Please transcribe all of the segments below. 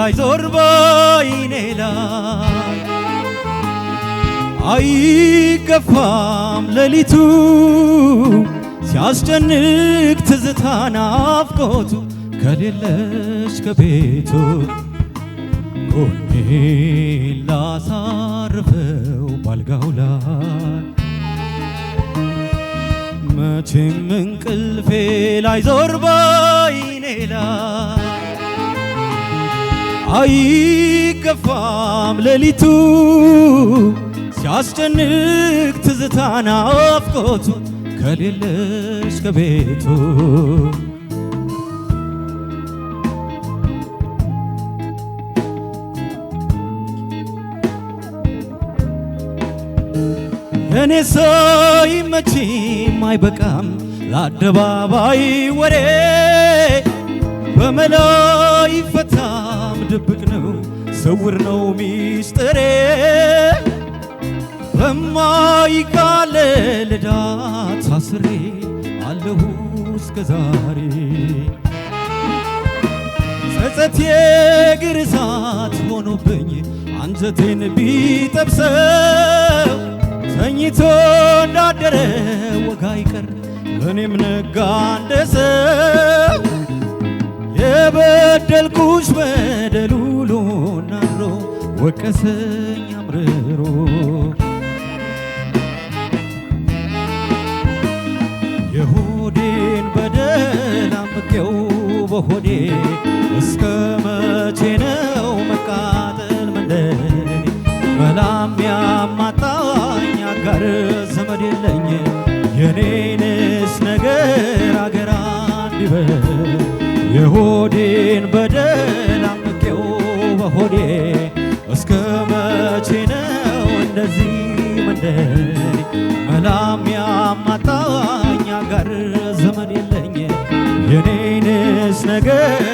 ላይ ዞር ባይኔ ላይ አይገፋም ሌሊቱ ሲያስጨንቅ ትዝታ ናፍቆቱ ከሌለሽ ከቤቱ ጎኔን ላሳርፈው ባልጋው ላይ መቼም እንቅልፌ ላይ ዞር ባይኔ ላይ አይገፋም ሌሊቱ ሲያስጨንቅ ትዝታና ናፍቆቱ ከሌለሽ ከቤቱ የኔ ሰይ መቼም አይበቃም ለአደባባይ ወሬ በመላ ይፈታ ድብቅ ነው፣ ስውር ነው ሚስጥሬ በማይቃለል ዕዳ ታስሬ አለሁ እስከ ዛሬ ጸጸቴ እሳት ሆኖብኝ አንጀቴን ቢጠብሰው ተኝቶ እንዳደረ ወጋ ይቀር እኔም ነጋ እንደ የበደልኩሽ በደል ውሎ ናድሮ ወቀሰኝ አምርሮ የሆዴን በደል አምቄው በሆዴ የሆዴን በደል አምቄው በሆዴ እስከ መቼ ነው እንደዚህ ምንድን መላም ያማጣኝ አጋር ዘመድ የለኝ የኔንስ ነገር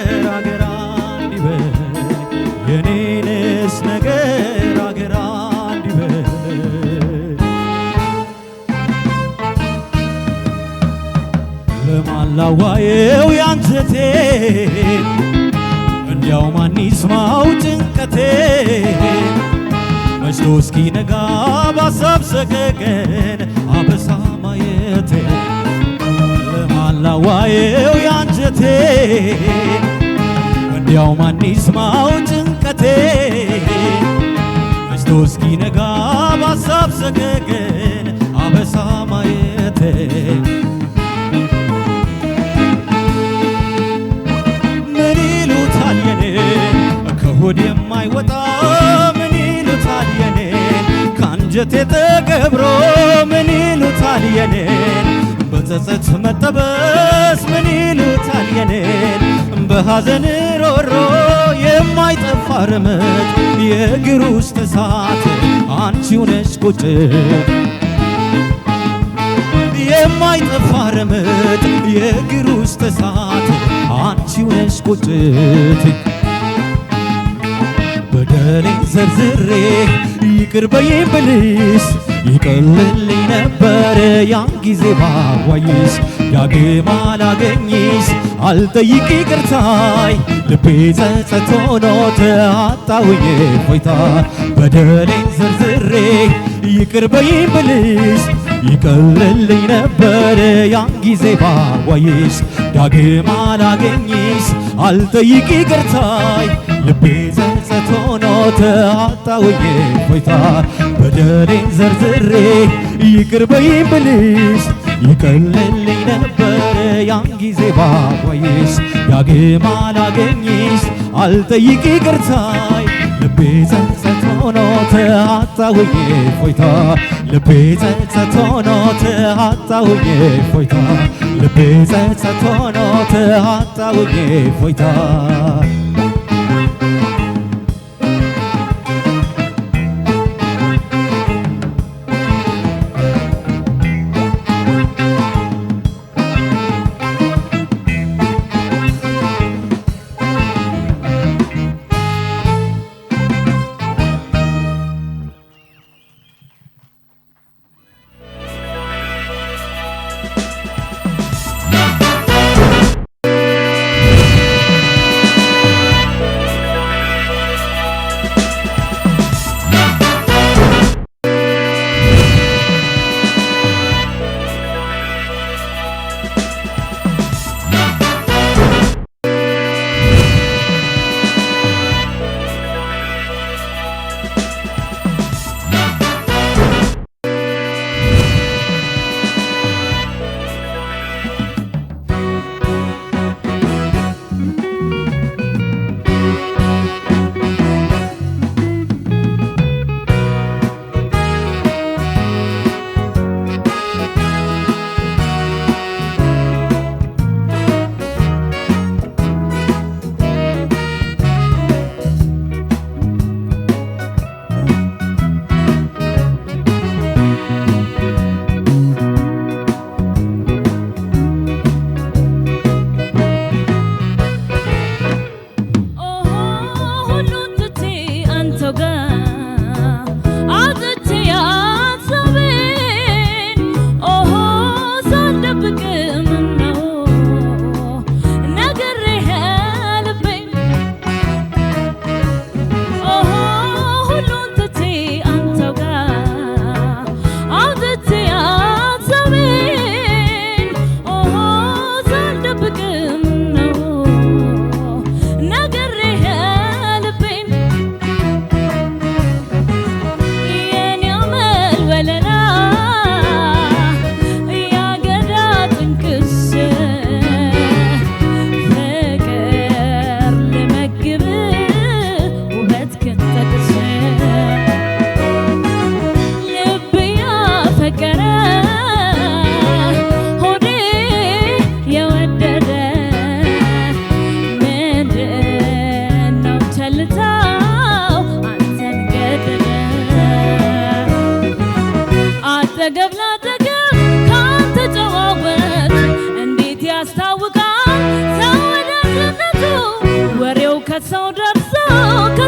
ማላዋየው ያንጀቴ እንዲያው ማን ይስማው ጭንቀቴ መሽቶ እስኪ ነጋ ባሳብ ሰገገን አበሳ ማየቴ ለማላዋየው ያንጀቴ እንዲያው ማን ይስማው ጭንቀቴ መሽቶ እስኪ ነጋ ባሳብ ሰገገን አበሳ ማየቴ የማይወጣ ምን ይሉታል የኔን ተገብሮ ምን ይሉታል የኔን በጸጸት መጠበስ ምን ይሉታል የኔን በሐዘን ሮሮ የማይጠፋ ርምት የእግር ውስጥ እሳት አንቺው ነሽ ቁጭ የማይጠፋ ርምት የእግር ውስጥ እሳት አንቺው ነሽ ቁጭት እኔን ዘርዝሬ ይቅር በይኝ ብልሽ ይቀልልኝ ነበር ያን ጊዜ ባዋይሽ ዳግም አላገኝሽ አልጠይቅ ይቅርታይ ልቤ ጸጸት ሆኖ ተአጣውዬ ፎይታ በደሌን ዘርዝሬ ይቅር በይኝ ብልሽ ይቀልልኝ ነበር ያን ጊዜ ባዋይሽ ዳግም አላገኝሽ አልጠይቅ ይቅርታይ ልቤ ጸጸት ሆኖ ተአጣውኝ ሆይታ በደሌን ዘርዝሬ ይቅር በይኝ ይቀልልኝ ነበር ያን ጊዜ ባዋይሽ ዳግም አላገኝሽ አልጠይቅ ይቅርታይ ልቤ ጸጸት ሆኖ ተአጣውኝ ሆይታ ልቤ ጸጸት ሆኖ ተሃጣውኝ ፎይታ ልቤ ጸጸት ሆኖ ተሃጣውኝ ፎይታ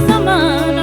sama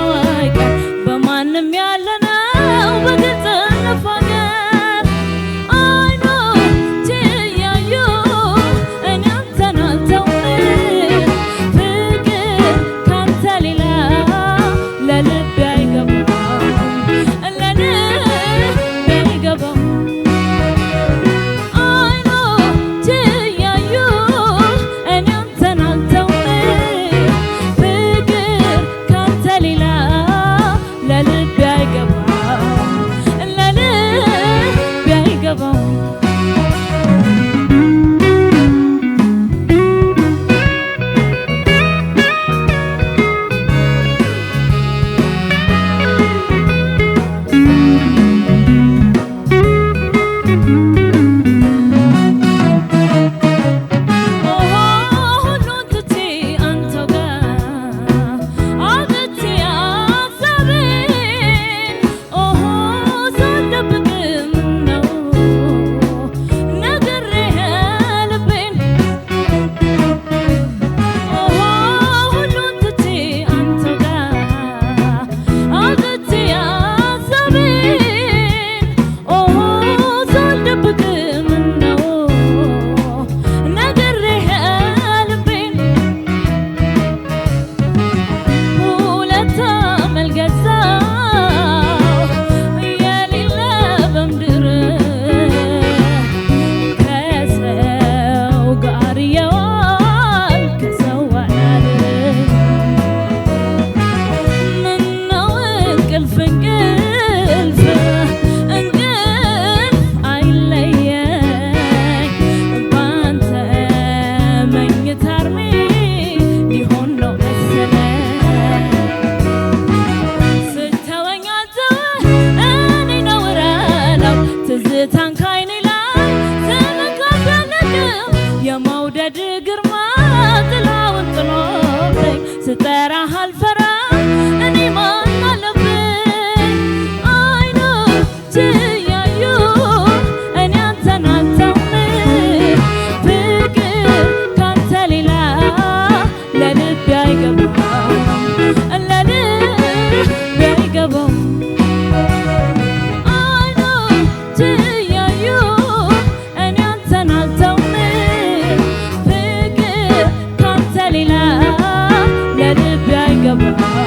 love.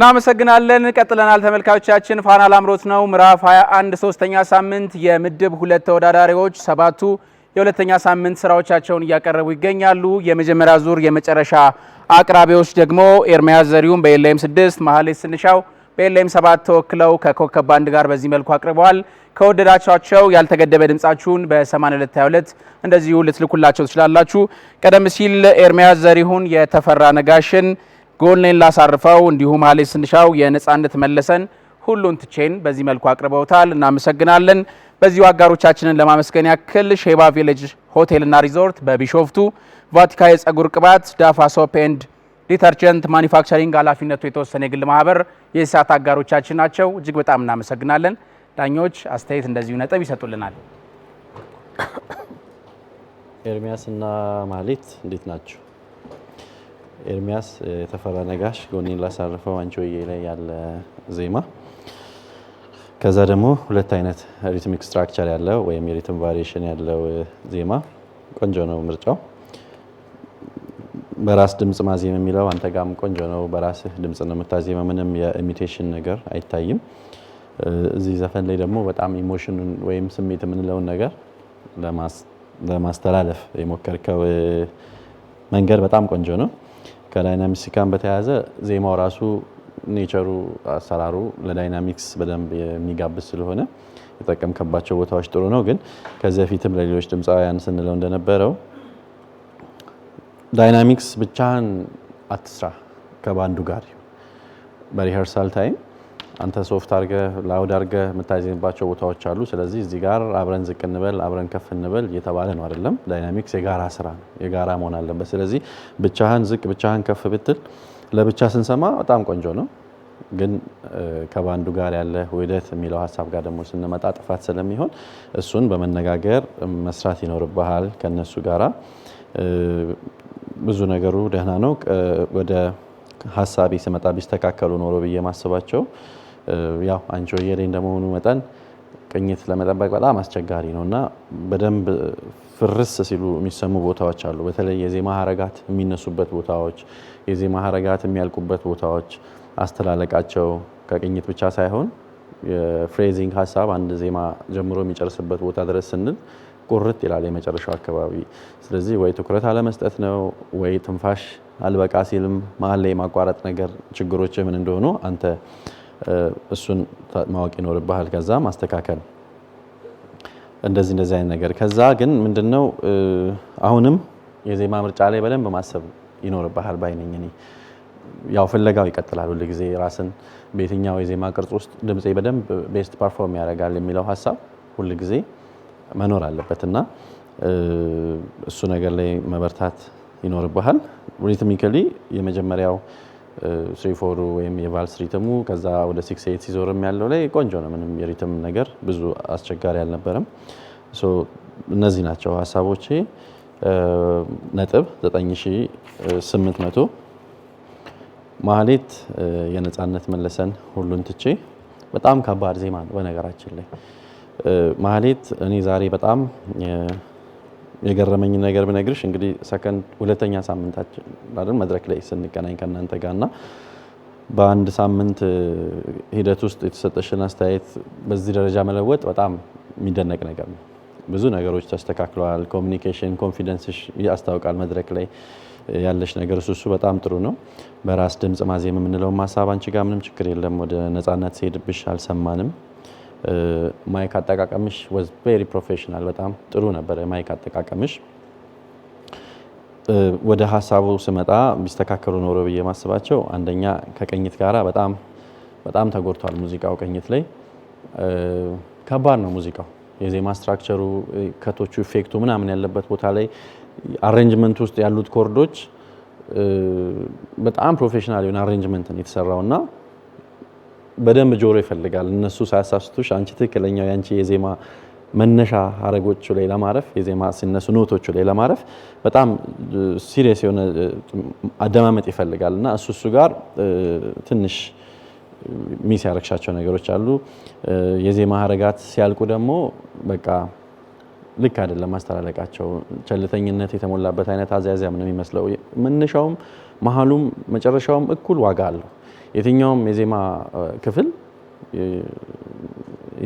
እናመሰግናለን። ቀጥለናል ተመልካቾቻችን። ፋና ላምሮት ነው። ምዕራፍ 21 ሶስተኛ ሳምንት የምድብ ሁለት ተወዳዳሪዎች ሰባቱ የሁለተኛ ሳምንት ስራዎቻቸውን እያቀረቡ ይገኛሉ። የመጀመሪያ ዙር የመጨረሻ አቅራቢዎች ደግሞ ኤርሚያስ ዘሪሁን በኤልኤም 6 መሀሌት ስንሻው በኤልኤም 7 ተወክለው ከኮከብ ባንድ ጋር በዚህ መልኩ አቅርበዋል። ከወደዳቸው ያልተገደበ ድምጻችሁን በ8222 እንደዚሁ ልትልኩላቸው ትችላላችሁ። ቀደም ሲል ኤርሚያስ ዘሪሁን የተፈራ ነጋሽን ጎኔን ላሳርፈው፣ እንዲሁም ሀሌ ስንሻው የነጻነት መለሰን ሁሉን ትቼን በዚህ መልኩ አቅርበውታል። እናመሰግናለን። በዚሁ አጋሮቻችንን ለማመስገን ያክል ሼባ ቪሌጅ ሆቴልና ሪዞርት በቢሾፍቱ፣ ቫቲካ የጸጉር ቅባት፣ ዳፋ ሶፕ ኤንድ ዲተርጀንት ማኒፋክቸሪንግ ኃላፊነቱ የተወሰነ የግል ማህበር የእሳት አጋሮቻችን ናቸው። እጅግ በጣም እናመሰግናለን። ዳኞች አስተያየት እንደዚሁ ነጥብ ይሰጡልናል። ኤርሚያስና ማሌት እንዴት ናቸው? ኤርሚያስ የተፈራ ነጋሽ ጎኔን ላሳርፈው አንቺሆዬ ላይ ያለ ዜማ። ከዛ ደግሞ ሁለት አይነት ሪትሚክ ስትራክቸር ያለው ወይም የሪትም ቫሪሽን ያለው ዜማ ቆንጆ ነው ምርጫው። በራስ ድምፅ ማዜም የሚለው አንተ ጋም ቆንጆ ነው። በራስህ ድምፅ ነው የምታዜመ ምንም የኢሚቴሽን ነገር አይታይም። እዚህ ዘፈን ላይ ደግሞ በጣም ኢሞሽኑን ወይም ስሜት የምንለውን ነገር ለማስተላለፍ የሞከርከው መንገድ በጣም ቆንጆ ነው። ከዳይናሚክስ በተያያዘ ዜማው ራሱ ኔቸሩ አሰራሩ ለዳይናሚክስ በደንብ የሚጋብዝ ስለሆነ የጠቀምከባቸው ቦታዎች ጥሩ ነው። ግን ከዚህ በፊትም ለሌሎች ድምፃውያን ስንለው እንደነበረው ዳይናሚክስ ብቻህን አትስራ ከባንዱ ጋር በሪሀርሳል ታይም አንተ ሶፍት አርገ ላውድ አርገ የምታይዘንባቸው ቦታዎች አሉ። ስለዚህ እዚህ ጋር አብረን ዝቅ እንበል፣ አብረን ከፍ እንበል እየተባለ ነው አይደለም። ዳይናሚክስ የጋራ ስራ ነው፣ የጋራ መሆን አለበት። ስለዚህ ብቻህን ዝቅ ብቻህን ከፍ ብትል ለብቻ ስንሰማ በጣም ቆንጆ ነው። ግን ከባንዱ ጋር ያለ ውህደት የሚለው ሀሳብ ጋር ደግሞ ስንመጣ ጥፋት ስለሚሆን እሱን በመነጋገር መስራት ይኖርብሃል ከነሱ ጋራ። ብዙ ነገሩ ደህና ነው። ወደ ሀሳቢ ስመጣ ቢስተካከሉ ኖሮ ብዬ ማስባቸው ያው አንቺ ወየሬ እንደመሆኑ መጠን ቅኝት ለመጠበቅ በጣም አስቸጋሪ ነው እና በደንብ ፍርስ ሲሉ የሚሰሙ ቦታዎች አሉ። በተለይ የዜማ ሀረጋት የሚነሱበት ቦታዎች፣ የዜማ ሀረጋት የሚያልቁበት ቦታዎች አስተላለቃቸው ከቅኝት ብቻ ሳይሆን የፍሬዚንግ ሀሳብ አንድ ዜማ ጀምሮ የሚጨርስበት ቦታ ድረስ ስንል ቁርጥ ይላል የመጨረሻው አካባቢ። ስለዚህ ወይ ትኩረት አለመስጠት ነው ወይ ትንፋሽ አልበቃ ሲልም መሀል ላይ የማቋረጥ ነገር ችግሮች ምን እንደሆኑ አንተ እሱን ማወቅ ይኖርብሃል። ከዛ ማስተካከል እንደዚህ እንደዚህ አይነት ነገር። ከዛ ግን ምንድነው አሁንም የዜማ ምርጫ ላይ በደንብ ማሰብ ይኖርብሃል ባይነኝ እኔ ያው ፍለጋው ይቀጥላል። ሁል ጊዜ ራስን በየትኛው የዜማ ቅርጽ ውስጥ ድምፄ በደንብ ቤስት ፐርፎርም ያደርጋል የሚለው ሀሳብ ሁልጊዜ ጊዜ መኖር አለበት እና እሱ ነገር ላይ መበርታት ይኖርብሃል። ሪትሚካሊ የመጀመሪያው ስሪ ወይም የቫልስ ሪትሙ ከዛ ወደ ሲክስ ኤይት ሲዞርም ያለው ላይ ቆንጆ ነው። ምንም የሪትም ነገር ብዙ አስቸጋሪ አልነበረም። እነዚህ ናቸው ሀሳቦቼ። ነጥብ 9800 ማህሌት የነፃነት መለሰን ሁሉን ትቼ በጣም ከባድ ዜማ ነው። በነገራችን ላይ ማህሌት እኔ ዛሬ በጣም የገረመኝ ነገር ብነግርሽ እንግዲህ ሰከንድ ሁለተኛ ሳምንታችን አይደል መድረክ ላይ ስንገናኝ ከእናንተ ጋር እና በአንድ ሳምንት ሂደት ውስጥ የተሰጠሽን አስተያየት በዚህ ደረጃ መለወጥ በጣም የሚደነቅ ነገር ነው። ብዙ ነገሮች ተስተካክለዋል። ኮሚኒኬሽን፣ ኮንፊደንስሽ ያስታውቃል። መድረክ ላይ ያለሽ ነገር እሱ በጣም ጥሩ ነው። በራስ ድምፅ ማዜም የምንለውም ሀሳብ አንቺ ጋር ምንም ችግር የለም። ወደ ነፃነት ሲሄድብሽ አልሰማንም። ማይክ አጠቃቀምሽ ወዝ ቬሪ ፕሮፌሽናል፣ በጣም ጥሩ ነበረ ማይክ አጠቃቀምሽ። ወደ ሀሳቡ ስመጣ ቢስተካከሉ ኖሮ ብዬ ማስባቸው አንደኛ ከቅኝት ጋራ በጣም በጣም ተጎድቷል ሙዚቃው ቅኝት ላይ ከባድ ነው ሙዚቃው የዜማ ስትራክቸሩ ከቶቹ ኢፌክቱ ምናምን ያለበት ቦታ ላይ አሬንጅመንት ውስጥ ያሉት ኮርዶች በጣም ፕሮፌሽናል የሆነ አሬንጅመንት ነው የተሰራው እና በደንብ ጆሮ ይፈልጋል። እነሱ ሳያሳስቱሽ አንቺ ትክክለኛው የአንቺ የዜማ መነሻ ሀረጎቹ ላይ ለማረፍ የዜማ ሲነሱ ኖቶቹ ላይ ለማረፍ በጣም ሲሪየስ የሆነ አደማመጥ ይፈልጋል እና እሱ እሱ ጋር ትንሽ ሚስ ያረግሻቸው ነገሮች አሉ። የዜማ ሀረጋት ሲያልቁ ደግሞ በቃ ልክ አይደለም ማስተላለቃቸው። ቸልተኝነት የተሞላበት አይነት አዘያዚያም ነው የሚመስለው። መነሻውም መሀሉም መጨረሻውም እኩል ዋጋ አለው። የትኛውም የዜማ ክፍል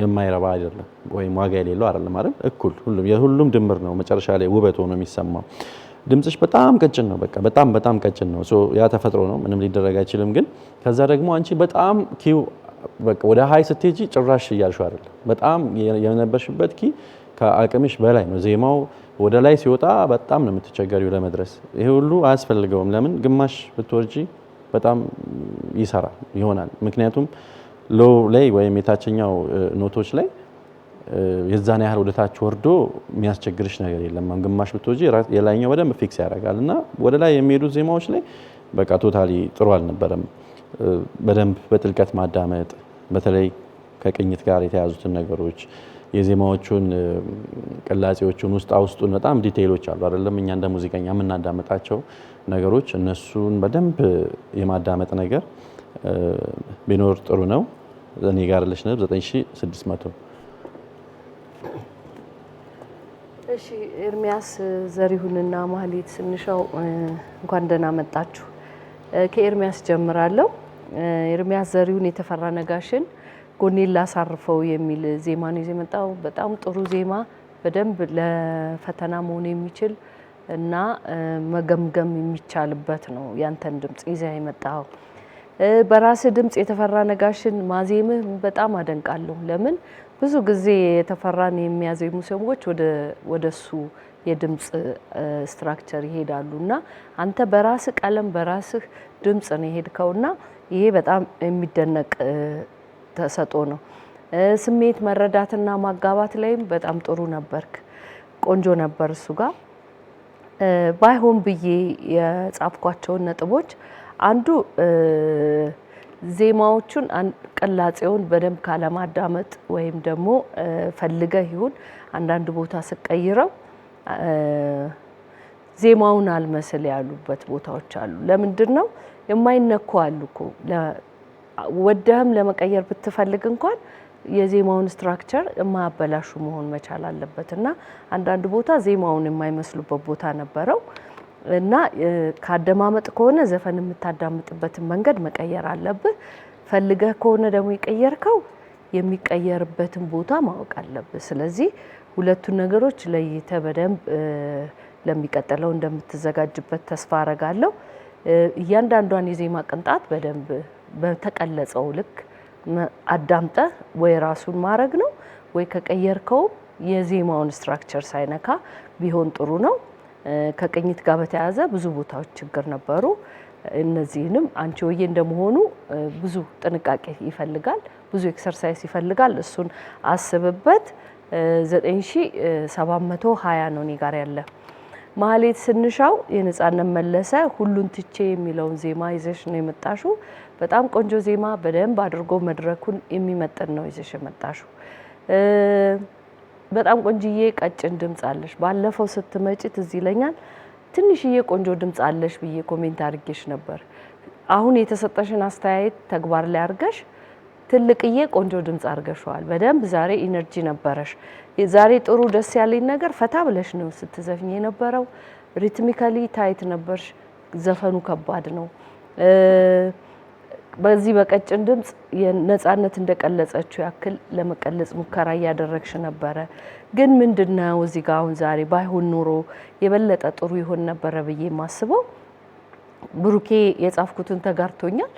የማይረባ አይደለም ወይም ዋጋ የሌለው አይደለም አይደል? እኩል ሁሉም የሁሉም ድምር ነው መጨረሻ ላይ ውበት ሆኖ የሚሰማው። ድምፅሽ በጣም ቀጭን ነው፣ በቃ በጣም በጣም ቀጭን ነው። ያ ተፈጥሮ ነው፣ ምንም ሊደረግ አይችልም። ግን ከዛ ደግሞ አንቺ በጣም ኪው በቃ ወደ ሀይ ስትሄጂ ጭራሽ እያልሽ አይደለም፣ በጣም የነበርሽበት ኪ ከአቅምሽ በላይ ነው። ዜማው ወደ ላይ ሲወጣ በጣም ነው የምትቸገሪው ለመድረስ። ይሄ ሁሉ አያስፈልገውም። ለምን ግማሽ ብትወርጂ በጣም ይሰራል ይሆናል። ምክንያቱም ሎው ላይ ወይም የታችኛው ኖቶች ላይ የዛን ያህል ወደታች ወርዶ የሚያስቸግርሽ ነገር የለም። ግማሽ ብትወጂ የላይኛው በደንብ ፊክስ ያደርጋል እና ወደ ላይ የሚሄዱት ዜማዎች ላይ በቃ ቶታሊ ጥሩ አልነበረም። በደንብ በጥልቀት ማዳመጥ በተለይ ከቅኝት ጋር የተያዙትን ነገሮች የዜማዎቹን ቅላጼዎቹን ውስጣ ውስጡን በጣም ዲቴይሎች አሉ አይደለም እኛ እንደ ሙዚቀኛ የምናዳምጣቸው ነገሮች እነሱን በደንብ የማዳመጥ ነገር ቢኖር ጥሩ ነው። እኔ ጋር ያለሽ ነጥብ 9600 እሺ። ኤርሚያስ ዘሪሁንና ማህሌት ስንሻው እንኳን ደህና መጣችሁ። ከኤርሚያስ ጀምራለሁ። ኤርሚያስ ዘሪሁን የተፈራ ነጋሽን ጎኔን ላሳርፈው የሚል ዜማ ነው የመጣው። በጣም ጥሩ ዜማ፣ በደንብ ለፈተና መሆን የሚችል እና መገምገም የሚቻልበት ነው። ያንተን ድምጽ ይዘህ የመጣኸው በራስ ድምፅ የተፈራ ነጋሽን ማዜምህ በጣም አደንቃለሁ። ለምን ብዙ ጊዜ የተፈራን የሚያዜሙ ሰዎች ወደ እሱ የድምጽ ስትራክቸር ይሄዳሉ እና አንተ በራስ ቀለም በራስህ ድምጽ ነው የሄድከውና ይሄ በጣም የሚደነቅ ተሰጦ ነው። ስሜት መረዳትና ማጋባት ላይም በጣም ጥሩ ነበርክ። ቆንጆ ነበር እሱ ጋር ባይሆን ብዬ የጻፍኳቸውን ነጥቦች አንዱ ዜማዎቹን ቅላጼውን በደንብ ካለማዳመጥ ወይም ደግሞ ፈልገህ ይሁን አንዳንድ ቦታ ስቀይረው ዜማውን አልመስል ያሉበት ቦታዎች አሉ። ለምንድን ነው የማይነኩ አሉ እኮ ወደህም ለመቀየር ብትፈልግ እንኳን የዜማውን ስትራክቸር የማያበላሹ መሆን መቻል አለበት እና አንዳንድ ቦታ ዜማውን የማይመስሉበት ቦታ ነበረው እና ከአደማመጥ ከሆነ ዘፈን የምታዳምጥበትን መንገድ መቀየር አለብህ። ፈልገህ ከሆነ ደግሞ የቀየርከው የሚቀየርበትን ቦታ ማወቅ አለብህ። ስለዚህ ሁለቱን ነገሮች ለይተህ በደንብ ለሚቀጥለው እንደምትዘጋጅበት ተስፋ አረጋለሁ። እያንዳንዷን የዜማ ቅንጣት በደንብ በተቀለጸው ልክ አዳምጠ ወይ ራሱን ማድረግ ነው ወይ ከቀየርከው የዜማውን ስትራክቸር ሳይነካ ቢሆን ጥሩ ነው። ከቅኝት ጋር በተያያዘ ብዙ ቦታዎች ችግር ነበሩ። እነዚህንም አንቺ ወዬ እንደመሆኑ ብዙ ጥንቃቄ ይፈልጋል፣ ብዙ ኤክሰርሳይዝ ይፈልጋል። እሱን አስብበት። 9720 ነው እኔ ጋር ያለ ማህሌት ስንሻው የነጻነት መለሰ ሁሉን ትቼ የሚለውን ዜማ ይዘሽ ነው የመጣሹ። በጣም ቆንጆ ዜማ፣ በደንብ አድርጎ መድረኩን የሚመጥን ነው ይዘሽ የመጣሹ። በጣም ቆንጅዬ ቀጭን ድምፅ አለሽ። ባለፈው ስትመጪ ትዝ ይለኛል ትንሽዬ ቆንጆ ድምፅ አለሽ ብዬ ኮሜንት አድርጌሽ ነበር። አሁን የተሰጠሽን አስተያየት ተግባር ላይ አድርገሽ ትልቅዬ ቆንጆ ድምፅ አድርገሸዋል። በደንብ ዛሬ ኢነርጂ ነበረሽ። ዛሬ ጥሩ ደስ ያለኝ ነገር ፈታ ብለሽ ነው ስትዘፍኝ የነበረው። ሪትሚካሊ ታይት ነበርሽ። ዘፈኑ ከባድ ነው። በዚህ በቀጭን ድምጽ ነፃነት እንደቀለጸችው ያክል ለመቀለጽ ሙከራ እያደረግሽ ነበረ። ግን ምንድን ነው እዚህ ጋ አሁን ዛሬ ባይሆን ኖሮ የበለጠ ጥሩ ይሆን ነበረ ብዬ የማስበው ብሩኬ የጻፍኩትን ተጋርቶኛል።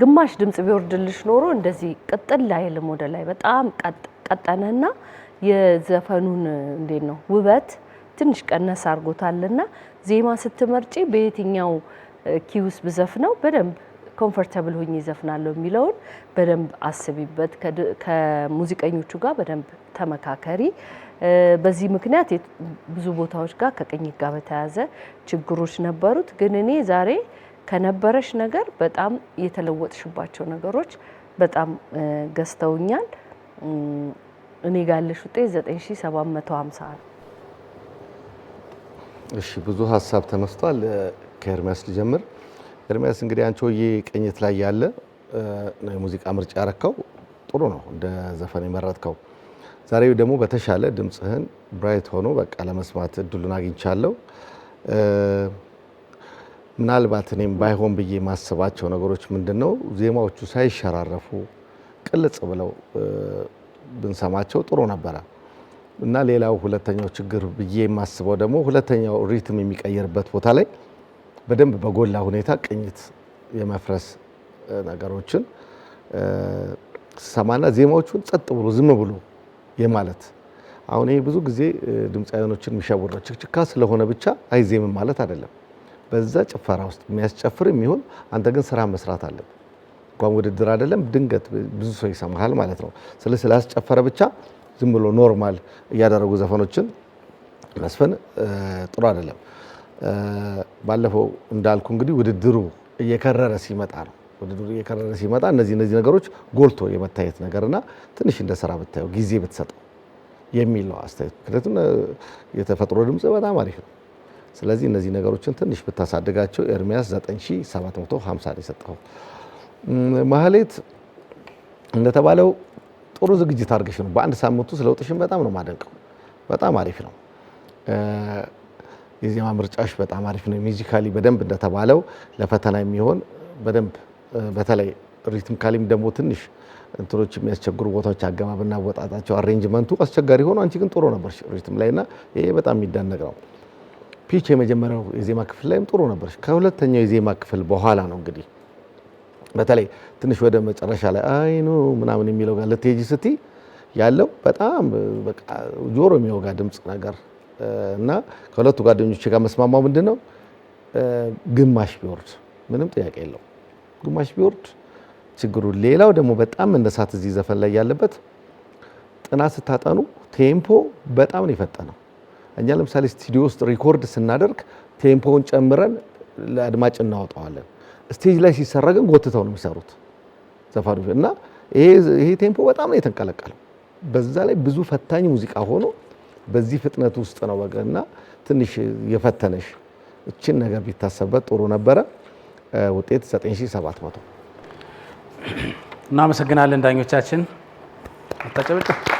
ግማሽ ድምጽ ቢወርድልሽ ኖሮ እንደዚህ ቅጥል አይልም። ወደ ላይ በጣም ቀጠነና የዘፈኑን እንዴት ነው ውበት ትንሽ ቀነስ አድርጎታልና ዜማ ስትመርጪ በየትኛው ኪውስ ነው በደንብ ኮምፎርታብል ሆኜ ይዘፍናለሁ የሚለውን በደንብ አስቢበት። ከሙዚቀኞቹ ጋር በደንብ ተመካከሪ። በዚህ ምክንያት ብዙ ቦታዎች ጋር ከቅኝት ጋር በተያያዘ ችግሮች ነበሩት፣ ግን እኔ ዛሬ ከነበረሽ ነገር በጣም የተለወጥሽባቸው ነገሮች በጣም ገዝተውኛል። እኔ ጋለሽ ያለሽ ውጤት 9750 ነው። እሺ ብዙ ሀሳብ ተነስቷል። ከኤርሚያስ ልጀምር። ኤርሚያስ እንግዲህ አንቺ ሆዬ ቅኝት ላይ ያለ የሙዚቃ ምርጫ ያረካው ጥሩ ነው፣ እንደ ዘፈን የመረጥከው። ዛሬ ደግሞ በተሻለ ድምፅህን ብራይት ሆኖ በቃ ለመስማት እድሉን አግኝቻለሁ። ምናልባት እኔም ባይሆን ብዬ የማስባቸው ነገሮች ምንድን ነው ዜማዎቹ ሳይሸራረፉ ቅልጽ ብለው ብንሰማቸው ጥሩ ነበረ እና ሌላው ሁለተኛው ችግር ብዬ የማስበው ደግሞ ሁለተኛው ሪትም የሚቀየርበት ቦታ ላይ በደንብ በጎላ ሁኔታ ቅኝት የመፍረስ ነገሮችን ሰማና ዜማዎቹን ጸጥ ብሎ ዝም ብሎ የማለት አሁን ይሄ ብዙ ጊዜ ድምፃውያኖችን የሚሸውር ነው። ችክችካ ስለሆነ ብቻ አይዜምም ማለት አይደለም። በዛ ጭፈራ ውስጥ የሚያስጨፍር የሚሆን አንተ ግን ስራ መስራት አለብ። እንኳን ውድድር አይደለም ድንገት ብዙ ሰው ይሰማሃል ማለት ነው። ስለ ስላስጨፈረ ብቻ ዝም ብሎ ኖርማል እያደረጉ ዘፈኖችን መስፈን ጥሩ አይደለም። ባለፈው እንዳልኩ እንግዲህ ውድድሩ እየከረረ ሲመጣ ነው ውድድሩ እየከረረ ሲመጣ እነዚህ እነዚህ ነገሮች ጎልቶ የመታየት ነገርና ትንሽ እንደ ስራ ብታየው ጊዜ ብትሰጠው የሚል ነው አስተያየት። ምክንያቱም የተፈጥሮ ድምፅ በጣም አሪፍ ነው። ስለዚህ እነዚህ ነገሮችን ትንሽ ብታሳድጋቸው ኤርሚያስ 9750 ነው የሰጠው። ማህሌት እንደተባለው ጥሩ ዝግጅት አድርገሽ ነው። በአንድ ሳምንት ውስጥ ለውጥሽን በጣም ነው ማደንቀው። በጣም አሪፍ ነው። የዜማ ምርጫሽ በጣም አሪፍ ነው። ሚዚካሊ በደንብ እንደተባለው ለፈተና የሚሆን በደንብ በተለይ ሪትም ካሊም ደግሞ ትንሽ እንትኖች የሚያስቸግሩ ቦታዎች አገባብና አወጣጣቸው አሬንጅመንቱ አስቸጋሪ ሆኖ አንቺ ግን ጥሩ ነበር ሪትም ላይና ይሄ በጣም የሚደነቅ ነው። ፒች የመጀመሪያው የዜማ ክፍል ላይም ጥሩ ነበረች። ከሁለተኛው የዜማ ክፍል በኋላ ነው እንግዲህ በተለይ ትንሽ ወደ መጨረሻ ላይ አይኑ ምናምን የሚለው ጋር ልትሄጂ ስቲ ያለው በጣም በቃ ጆሮ የሚወጋ ድምፅ ነገር እና ከሁለቱ ጓደኞች ጋር መስማማው ምንድን ነው ግማሽ ቢወርድ ምንም ጥያቄ የለው ግማሽ ቢወርድ ችግሩ። ሌላው ደግሞ በጣም እነሳት እዚህ ዘፈን ላይ ያለበት ጥናት ስታጠኑ ቴምፖ በጣም ነው የፈጠነው እኛ ለምሳሌ ስቱዲዮ ውስጥ ሪኮርድ ስናደርግ ቴምፖውን ጨምረን ለአድማጭ እናወጣዋለን። ስቴጅ ላይ ሲሰራ ግን ጎትተው ነው የሚሰሩት ዘፋኞች እና ይሄ ቴምፖ በጣም ነው የተንቀለቀለው። በዛ ላይ ብዙ ፈታኝ ሙዚቃ ሆኖ በዚህ ፍጥነት ውስጥ ነው እና ትንሽ የፈተነሽ እችን ነገር ቢታሰብበት ጥሩ ነበረ። ውጤት 9700 እናመሰግናለን ዳኞቻችን። አታጨብጭ